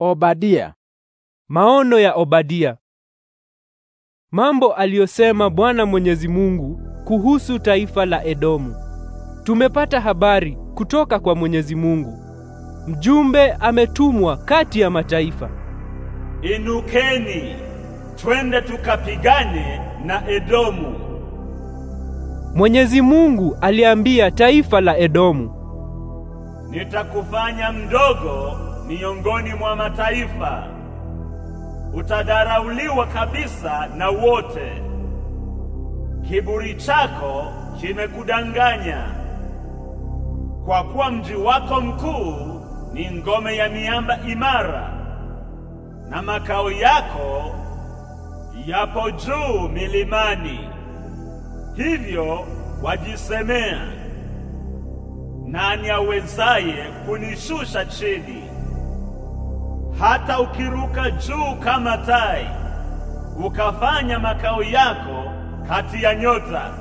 Obadia. Maono ya Obadia. Mambo aliyosema Bwana Mwenyezi Mungu kuhusu taifa la Edomu. Tumepata habari kutoka kwa Mwenyezi Mungu. Mjumbe ametumwa kati ya mataifa. Inukeni, twende tukapigane na Edomu. Mwenyezi Mungu aliambia taifa la Edomu, nitakufanya mdogo miongoni mwa mataifa, utadharauliwa kabisa na wote. Kiburi chako kimekudanganya, kwa kuwa mji wako mkuu ni ngome ya miamba imara, na makao yako yapo juu milimani. Hivyo wajisemea, nani awezaye kunishusha chini? hata ukiruka juu kama tai ukafanya makao yako kati ya nyota,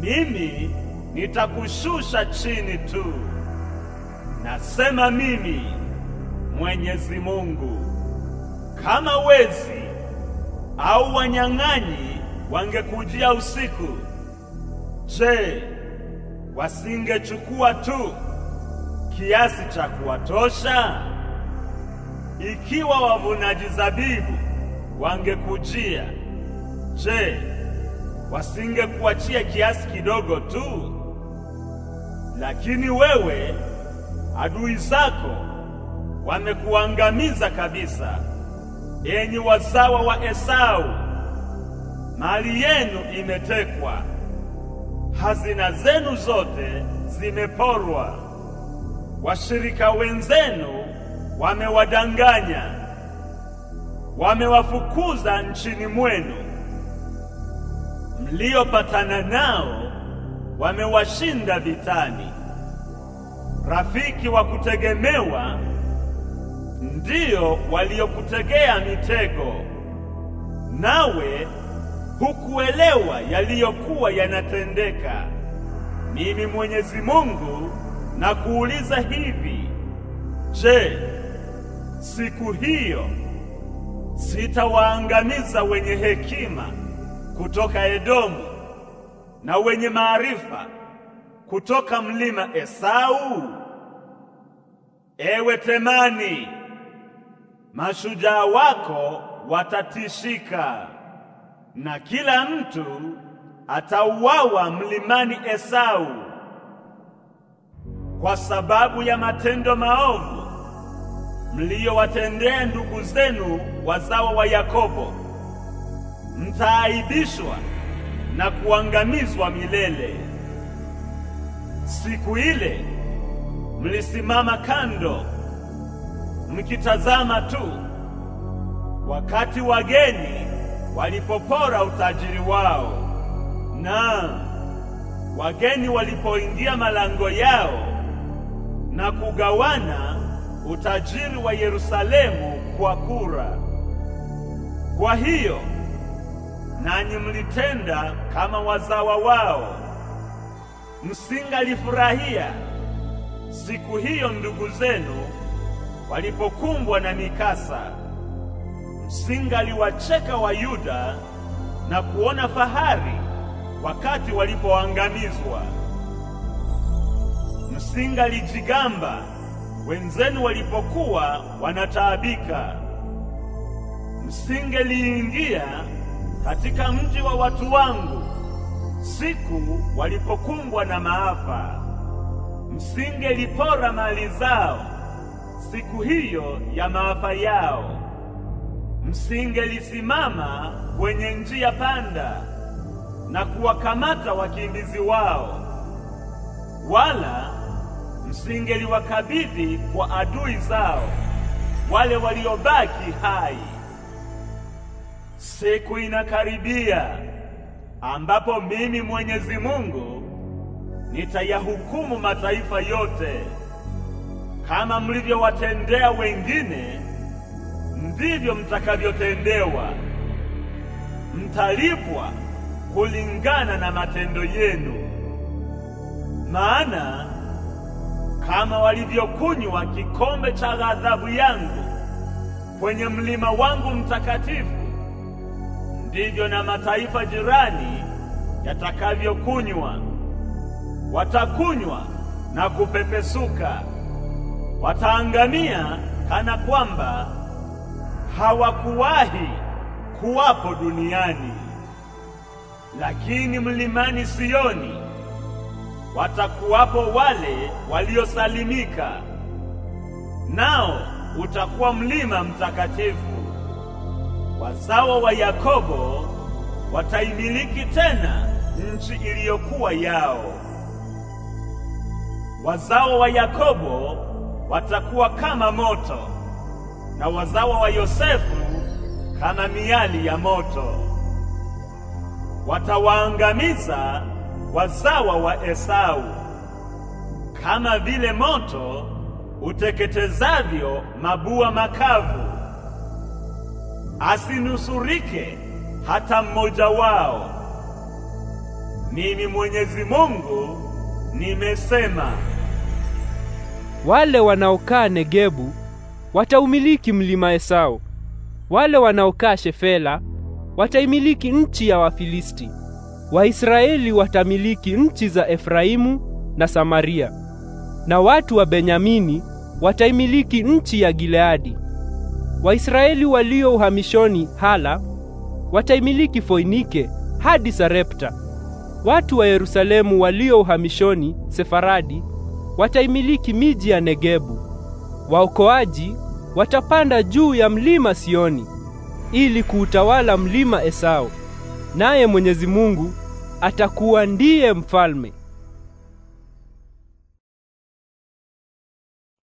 mimi nitakushusha chini tu. Nasema mimi Mwenyezi Mungu. Kama wezi au wanyang'anyi wangekujia usiku, je, wasingechukua tu kiasi cha kuwatosha? Ikiwa wavunaji zabibu wangekujia, je, wasingekuachia kiasi kidogo tu? Lakini wewe, adui zako wamekuangamiza kabisa, enyi wazawa wa Esau. Mali yenu imetekwa, hazina zenu zote zimeporwa, washirika wenzenu wamewadanganya, wamewafukuza nchini mwenu. Mliopatana nao wamewashinda vitani. Rafiki wa kutegemewa ndiyo waliokutegea mitego, nawe hukuelewa yaliyokuwa yanatendeka. Mimi Mwenyezi Mungu nakuuliza hivi: Je, siku hiyo sitawaangamiza wenye hekima kutoka Edomu na wenye maarifa kutoka mlima Esau. Ewe Temani, mashujaa wako watatishika na kila mtu atauawa mlimani Esau kwa sababu ya matendo maovu mliyowatendea ndugu zenu wazawa wa Yakobo, mtaaibishwa na kuangamizwa milele. Siku ile mlisimama kando mkitazama tu, wakati wageni walipopora utajiri wao, na wageni walipoingia malango yao na kugawana utajiri wa Yerusalemu kwa kura. Kwa hiyo nanyi mlitenda kama wazawa wao, msingalifurahia siku hiyo ndugu zenu walipokumbwa na mikasa, msingaliwacheka Wayuda na kuona fahari wakati walipoangamizwa, msingalijigamba wenzenu walipokuwa wanataabika, msingeliingia katika mji wa watu wangu siku walipokumbwa na maafa, msingelipora mali zao siku hiyo ya maafa yao, msingelisimama kwenye njia panda na kuwakamata wakimbizi wao, wala wakabidhi kwa adui zao wale waliobaki hai. Siku inakaribia ambapo mimi Mwenyezi Mungu nitayahukumu mataifa yote. Kama mlivyowatendea wengine, ndivyo mtakavyotendewa. Mtalipwa kulingana na matendo yenu, maana kama walivyokunywa kikombe cha ghadhabu yangu kwenye mlima wangu mtakatifu, ndivyo na mataifa jirani yatakavyokunywa. Watakunywa na kupepesuka, wataangamia kana kwamba hawakuwahi kuwapo duniani. Lakini mlimani Sioni watakuwapo wale waliosalimika, nao utakuwa mlima mtakatifu. Wazao wa Yakobo wataimiliki tena nchi iliyokuwa yao. Wazao wa Yakobo watakuwa kama moto na wazao wa Yosefu kama miali ya moto. Watawaangamiza wazawa wa Esau, kama vile moto uteketezavyo mabua makavu, asinusurike hata mmoja wao. Mimi Mwenyezi Mungu nimesema. Wale wanaokaa Negebu wataumiliki mlima Esau, wale wanaokaa Shefela wataimiliki nchi ya Wafilisti. Waisraeli watamiliki nchi za Efraimu na Samaria, na watu wa Benyamini wataimiliki nchi ya Gileadi. Waisraeli walio uhamishoni Hala wataimiliki Foinike hadi Sarepta. Watu wa Yerusalemu walio uhamishoni Sefaradi wataimiliki miji ya Negebu. Waokoaji watapanda juu ya mlima Sioni ili kuutawala mlima Esau. Naye Mwenyezi Mungu atakuwa ndiye mfalme.